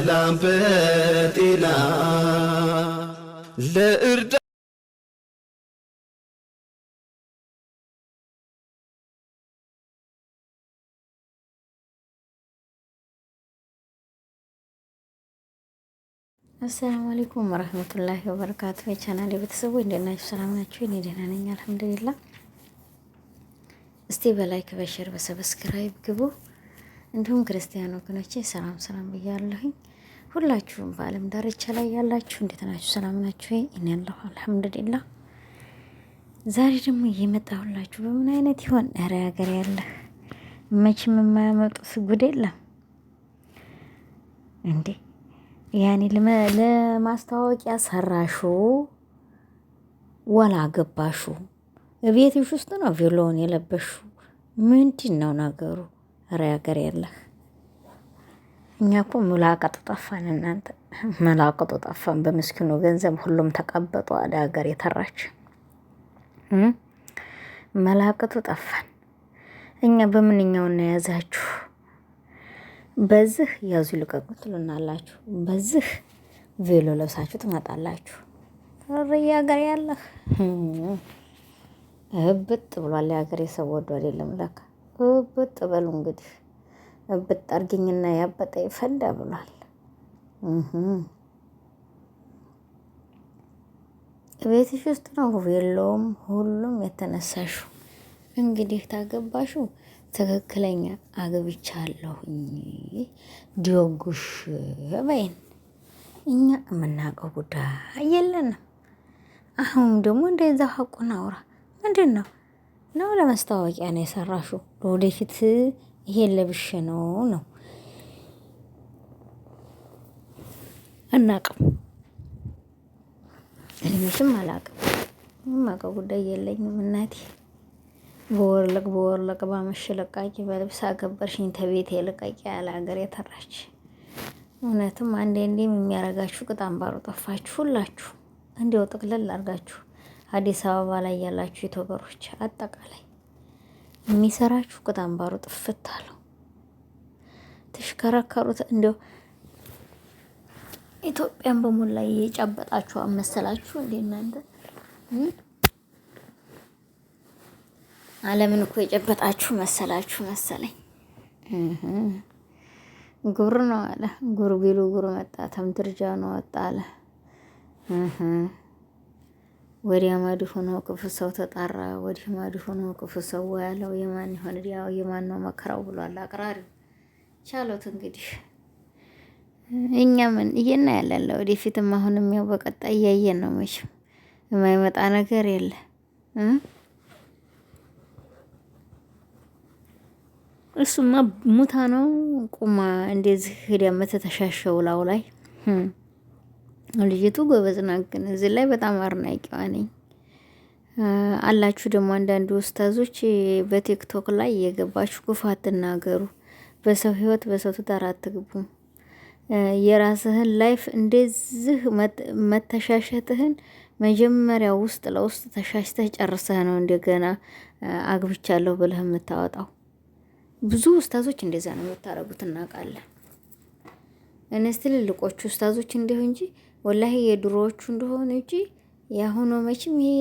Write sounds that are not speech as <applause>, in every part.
በሰላም በጤና ለእርዳ አሰላሙ አለይኩም ወረህመቱላሂ ወበረካቱ። የቻናል ቤተሰቦች እንዴት ናችሁ? ሰላም ናችሁ? እኔ ደህና ነኝ አልሐምዱሊላህ። እስቲ በላይክ በሸር በሰብስክራይብ ግቡ። እንዲሁም ክርስቲያን ወገኖቼ ሰላም ሰላም ብያለሁኝ። ሁላችሁም በዓለም ዳርቻ ላይ ያላችሁ እንዴት ናችሁ? ሰላም ናችሁ? እኔ ያለሁ አልሐምዱሊላ። ዛሬ ደግሞ እየመጣሁላችሁ በምን አይነት ይሆን? ኧረ ሀገር ያለ መቼም የማያመጡት ጉድ የለም እንዴ! ያኔ ለማስታወቂያ ሰራሹ ወላ ገባሹ ቤትሽ ውስጥ ነው ቪሎን የለበሹ ምንድን ነው ነገሩ? ኧረ ሀገር ያለህ እኛ እኮ መላቀጡ ጠፋን። እናንተ መላቀጡ ጠፋን። በምስኪኑ ገንዘብ ሁሉም ተቀበጡ። አደ ሀገር የተራች መላቀጡ ጠፋን። እኛ በምንኛውን እናያዛችሁ? በዚህ ያዙ ልቀቁ ትሉናላችሁ። በዚህ ቬሎ ለብሳችሁ ትመጣላችሁ። ርያ ሀገር ያለህ እብጥ ብሏል። የሀገር የሰው ወዶ አይደለም ለካ እብጥ በሉ እንግዲህ ብጣርግኝና ያበጠ ይፈንዳ ብሏል። ቤትሽ ውስጥ ነው የለውም ሁሉም የተነሳሹ። እንግዲህ ታገባሹ ትክክለኛ አግብቻለሁኝ ዲዮጉሽ በይን። እኛ የምናውቀው ጉዳይ የለንም። አሁን ደግሞ እንደዛ ሀቁን አውራ ምንድን ነው ነው ለመስታወቂያ ነው የሰራሹ ለወደፊት ይሄን ለብሼ ነው ነው አናቅም እኔሽም አላቅም የማውቀው ጉዳይ የለኝም። እናቴ በወርለቅ በወርለቅ ባመሽ ለቃቂ በልብስ አገበርሽኝ ተቤት የልቀቂ ያለ ሀገር የተራች እውነትም አንዴ እንዴም የሚያረጋችሁ ቅጣም ባሩ ጠፋችሁ ሁላችሁ እንዲው ጥቅልል አርጋችሁ አዲስ አበባ ላይ ያላችሁ ዩቱበሮች አጠቃላይ የሚሰራችሁ ቅጣምባሩ ጥፍት አለው። ተሽከረከሩት እንዲያው ኢትዮጵያን በሞላ የጨበጣችሁ አመሰላችሁ እንዴ እናንተ? ዓለምን እኮ የጨበጣችሁ መሰላችሁ መሰለኝ። ጉር ነው አለ። ጉር ቢሉ ጉር መጣ። ተምትርጃ ነው ወጣ አለ። ወዲያ ማዲ ሆኖ ክፉ ሰው ተጣራ፣ ወዲህ ማዲ ሆኖ ክፉ ሰው ያለው የማን ይሆን ያው የማን ነው መከራው ብሏል አቅራሪው። ቻሎት እንግዲህ እኛ ምን እየና ያለለ ወደፊትም አሁንም ያው በቀጣ እያየን ነው። መቼም የማይመጣ ነገር የለ። እሱማ ሙታ ነው ቁማ እንደዚህ ሄዳ መተተሻሸው ላው ላይ ልጅቱ ጎበዝ ናት፣ ግን እዚህ ላይ በጣም አድናቂዋ ነኝ። አላችሁ ደግሞ አንዳንድ ውስታዞች በቲክቶክ ላይ የገባችሁ ክፉ አትናገሩ፣ በሰው ህይወት በሰው ትዳር አትግቡ። የራስህን ላይፍ እንደዚህ መተሻሸትህን መጀመሪያ ውስጥ ለውስጥ ተሻሽተህ ጨርሰህ ነው እንደገና አግብቻለሁ ብለህ የምታወጣው። ብዙ ውስታዞች እንደዛ ነው የምታረጉት፣ እናውቃለን። እነስ ትልልቆቹ ውስታዞች እንዲሁ እንጂ ወላሂ የድሮዎቹ እንደሆኑ እንጂ የአሁኑ መቼም ይሄ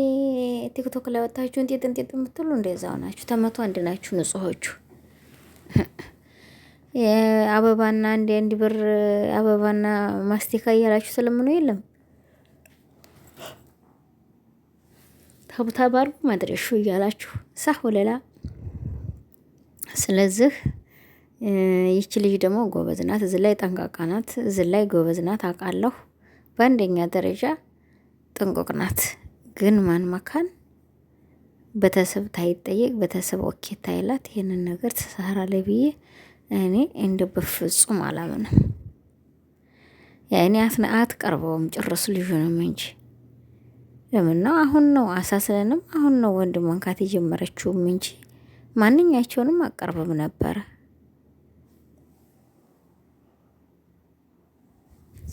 ቲክቶክ ላይ ወጣችሁ እንጤጥ እንጤጥ የምትሉ እንደዛው ናችሁ። ተመቶ አንድ ናችሁ ንጹሖቹ። <laughs> አበባና አንድ አንድ ብር አበባና ማስቲካ እያላችሁ ስለምኑ የለም ተብታብ አድርጉ መድረሹ እያላችሁ ሳህ ወለላ። ስለዚህ ይቺ ልጅ ደግሞ ጎበዝ ናት፣ እዚህ ላይ ጠንቃቃ ናት፣ ላይ አውቃለሁ። በአንደኛ ደረጃ ጥንቁቅ ናት። ግን ማን መካን ቤተሰብ ታይጠየቅ ቤተሰብ ኦኬ ታይላት ይህንን ነገር ትሰራለች ብዬ እኔ እንደ በፍጹም አላምንም። የእኔ አትነአት ቀርበውም ጭርስ ልጁንም እንጂ ለምን ነው አሁን ነው አሳስለንም አሁን ነው ወንድ መንካት የጀመረችውም እንጂ ማንኛቸውንም አቀርብም ነበረ።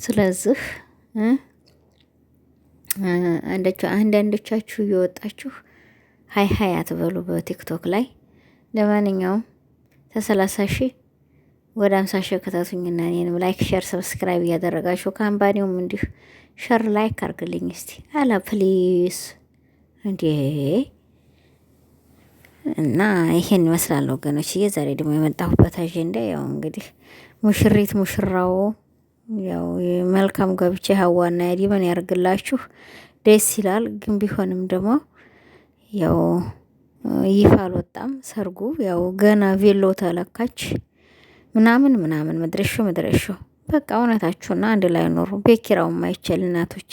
ስለዚህ አንዳንዶቻችሁ እየወጣችሁ ሀይ ሀይ አትበሉ በቲክቶክ ላይ። ለማንኛውም ተሰላሳ ሺህ ወደ አምሳ ሺህ ከታቱኝና እኔንም ላይክ፣ ሸር፣ ሰብስክራይብ እያደረጋችሁ ካምፓኒውም እንዲህ ሸር ላይክ አርግልኝ እስቲ አላ ፕሊስ እንዴ እና ይሄን ይመስላል ወገኖች። እየ ዛሬ ደግሞ የመጣሁበት አጀንዳ ያው እንግዲህ ሙሽሪት ሙሽራው ያው መልካም ጋብቻ ሀዋና ያዲበን ያርግላችሁ። ደስ ይላል። ግን ቢሆንም ደግሞ ያው ይፋ አልወጣም ሰርጉ ያው ገና ቬሎ ተለካች ምናምን ምናምን መድረሾ መድረሾ በቃ እውነታችሁና አንድ ላይ ኖሩ። ቤት ኪራዩ እናቶች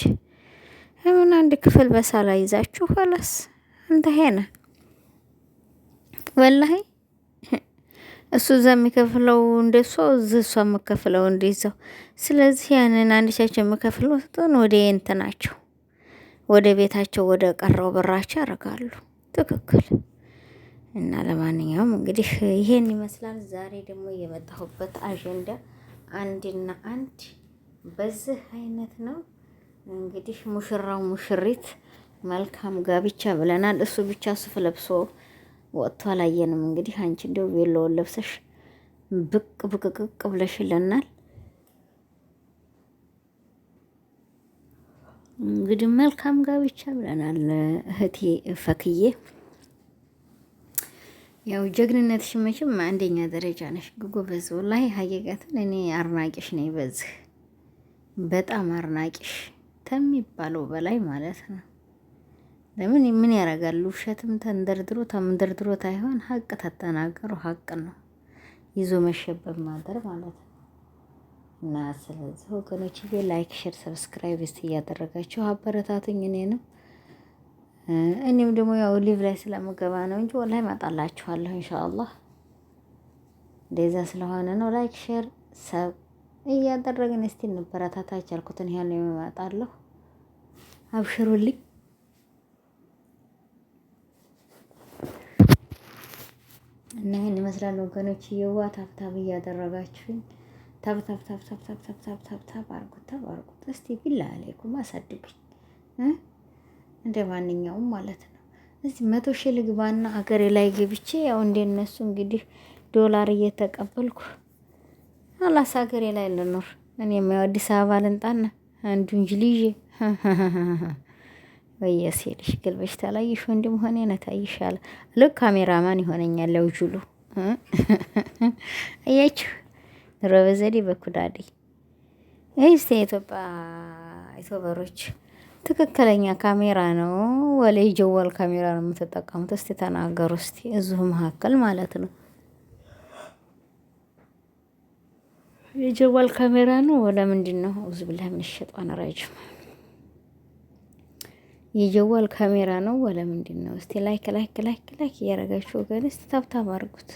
ምን አንድ ክፍል በሳላ ይዛችሁ ኸላስ እንተሄነ ወላሂ እሱ እዛ የሚከፍለው እንደሷ እዚ እሷ የምከፍለው እንደዛው። ስለዚህ ያንን አንድቻቸው የምከፍለው ስጦን ወደ የእንትናቸው ወደ ቤታቸው ወደ ቀረው ብራቸው ያደርጋሉ። ትክክል እና ለማንኛውም እንግዲህ ይሄን ይመስላል። ዛሬ ደግሞ የመጣሁበት አጀንዳ አንድና አንድ በዚህ አይነት ነው። እንግዲህ ሙሽራው ሙሽሪት መልካም ጋብቻ ብለናል። እሱ ብቻ ሱፍ ለብሶ ወጥቶ አላየንም። እንግዲህ አንቺ እንደው ቤሎውን ለብሰሽ ብቅ ብለሽ ብለሽልናል። እንግዲህ መልካም ጋብቻ ብለናል እህቴ ፈክዬ። ያው ጀግንነትሽ መቼም አንደኛ ደረጃ ነሽ በዝ ወላሂ ሀየጋትን እኔ አድናቂሽ ነኝ፣ በዝህ በጣም አርናቂሽ ከሚባለው በላይ ማለት ነው። ለምን ምን ያደርጋል? ውሸትም ተንደርድሮ ተንደርድሮ ታይሆን ሀቅ ተተናገሩ ሀቅ ነው ይዞ መሸበብ ማደር ማለት ነው። እና ስለዚህ ወገኖች ዬ ላይክ፣ ሼር፣ ሰብስክራይብ እስቲ እያደረጋችሁ አበረታቱኝ ነው እኔም ደግሞ ያው ሊቭ ላይ ስለምገባ ነው እንጂ ወላሂ እመጣላችኋለሁ ኢንሻአላህ። እንደዛ ስለሆነ ነው ላይክ፣ ሼር፣ ሰብ እያደረግን እስቲ እንበረታታች ያልኩትን ያህል ነው አብሽሩልኝ። እና ይህን ይመስላል ወገኖች። የዋ ታብታብ እያደረጋችሁኝ ታብታብታብታብታብታብታብ አርጉት፣ ታብ አርጉት እስቲ ቢላ አለይኩም አሳድጉኝ እንደ ማንኛውም ማለት ነው። እዚህ መቶ ሺህ ልግባና አገሬ ላይ ገብቼ ያው እንደነሱ እንግዲህ ዶላር እየተቀበልኩ አላስ አገሬ ላይ ልኖር እኔ ያው አዲስ አበባ ልንጣና አንዱ እንጅልዬ <laughs> ወየሴልሽ ግልበሽ ታላይሽ ወንድም ሆነ ነታ ይሻል ልክ ካሜራማን ይሆነኛል ለውጁሉ አያችሁ ኑሮ በዘዴ በኩዳዴ ይህስ የኢትዮጵያ ኢትዮበሮች ትክክለኛ ካሜራ ነው ወላይ ጀዋል ካሜራ ነው የምትጠቀሙት? እስቲ ተናገሩ። እስቲ እዚሁ መካከል ማለት ነው የጀዋል ካሜራ ነው ወለምንድን ነው? አውዝ ብላ ምን ረጅም የጀዋል ካሜራ ነው ወለ ምንድን ነው? እስቲ ላይክ ላይክ ላይክ ላይክ እያረጋችሁ ወገን እስቲ ታብታብ አድርጉት።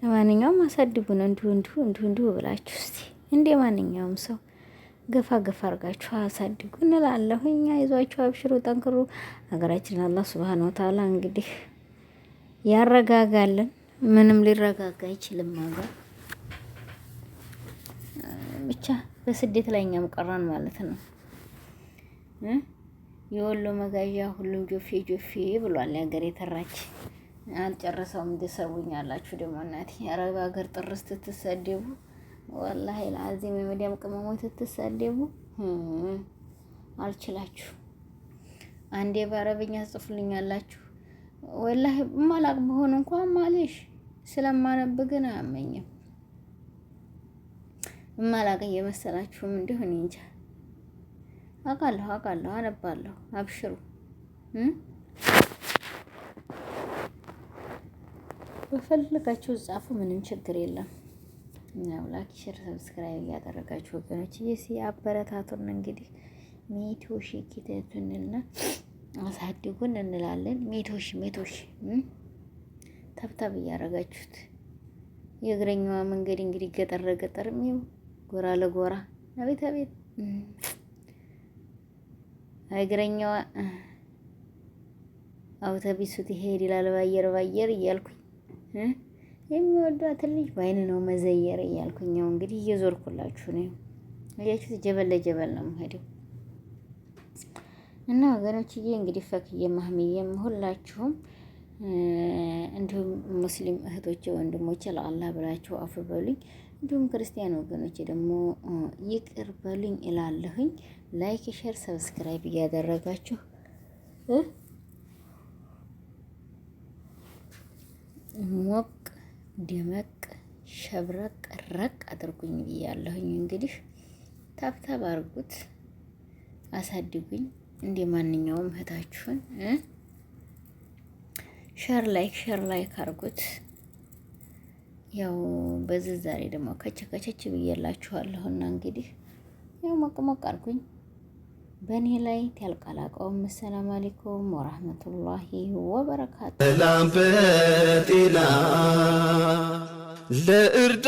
ለማንኛውም አሳድጉን እንዲሁ እንዲሁ እንዲሁ እንዲሁ ብላችሁ እስቲ እንዴ ማንኛውም ሰው ገፋ ገፋ አርጋችሁ አሳድጉ እንላለሁ። እኛ ይዟችሁ አብሽሩ፣ ጠንክሩ። ሀገራችን አላህ ሱብሃነሁ ወተዓላ እንግዲህ ያረጋጋልን። ምንም ሊረጋጋ አይችልም ሀገር ብቻ በስደት ላይ እኛም ቀራን ማለት ነው። የወሎ መጋዣ ሁሉ ጆፌ ጆፌ ብሏል። ያገር የተራች አልጨረሰውም። እንደሰቡኝ አላችሁ ደግሞ እናቴ የአረብ ሀገር ጥርስ ትትሰደቡ ወላሂ ለአዚም የመዲያም ቅመሞች ትትሰደቡ አልችላችሁ። አንዴ በአረብኛ ጽፉልኝ አላችሁ። ወላሂ ማላቅ በሆን እንኳን ማለሽ ስለማነብ ግን አያመኝም። ማላቅ እየመሰላችሁም እንዲሁን እንጃ አውቃለሁ አውቃለሁ፣ አነባለሁ። አብሽሩ በፈለጋችሁ ጻፉ፣ ምንም ችግር የለም። ያው ላኪ ሼር ሰብስክራይብ እያደረጋችሁ ወገኖች እየሲ አበረታቱን። እንግዲህ ሜቶ ሺ ኪተቱንና አሳድጉን እንላለን። ሜቶ ሺ ሜቶ ሺ ተብታብ እያደረጋችሁት የእግረኛዋ መንገድ እንግዲህ ገጠር ለገጠር ሚው ጎራ ለጎራ አቤት አቤት እግረኛዋ አውቶቢሱ ትሄድ ይላል ባየር ባየር እያልኩኝ የሚወዷትን ልጅ በአይን ነው መዘየር እያልኩኝ ያው እንግዲህ እየዞርኩላችሁ ነው። እያችሁት ጀበል ለጀበል ነው የምሄደው እና ወገኖችዬ እንግዲህ ፈክዬ ማህሚዬም ሁላችሁም እንዲሁም ሙስሊም እህቶቼ ወንድሞቼ ለአላህ ብላችሁ አፍ በሉኝ። እንዲሁም ክርስቲያን ወገኖቼ ደግሞ ይቅር በሉኝ እላለሁኝ። ላይክ፣ ሼር፣ ሰብስክራይብ እያደረጋችሁ ሞቅ ደመቅ ሸብረቅ ረቅ አድርጉኝ ብያለሁኝ። እንግዲህ ታብታብ አርጉት፣ አሳድጉኝ እንደ ማንኛውም እህታችሁን። ሸር ላይክ ሸር ላይክ አርጉት። ያው በዚህ ዛሬ ደግሞ ከቸከቸች ከቸች ብዬላችኋለሁና እንግዲህ ያው ሞቅ ሞቅ አርጉኝ። በእኔ ላይ ያልቃላቀውም። አሰላሙ አሌይኩም ወራህመቱላሂ ወበረካቱ። ሰላም በጤና ለእርዳ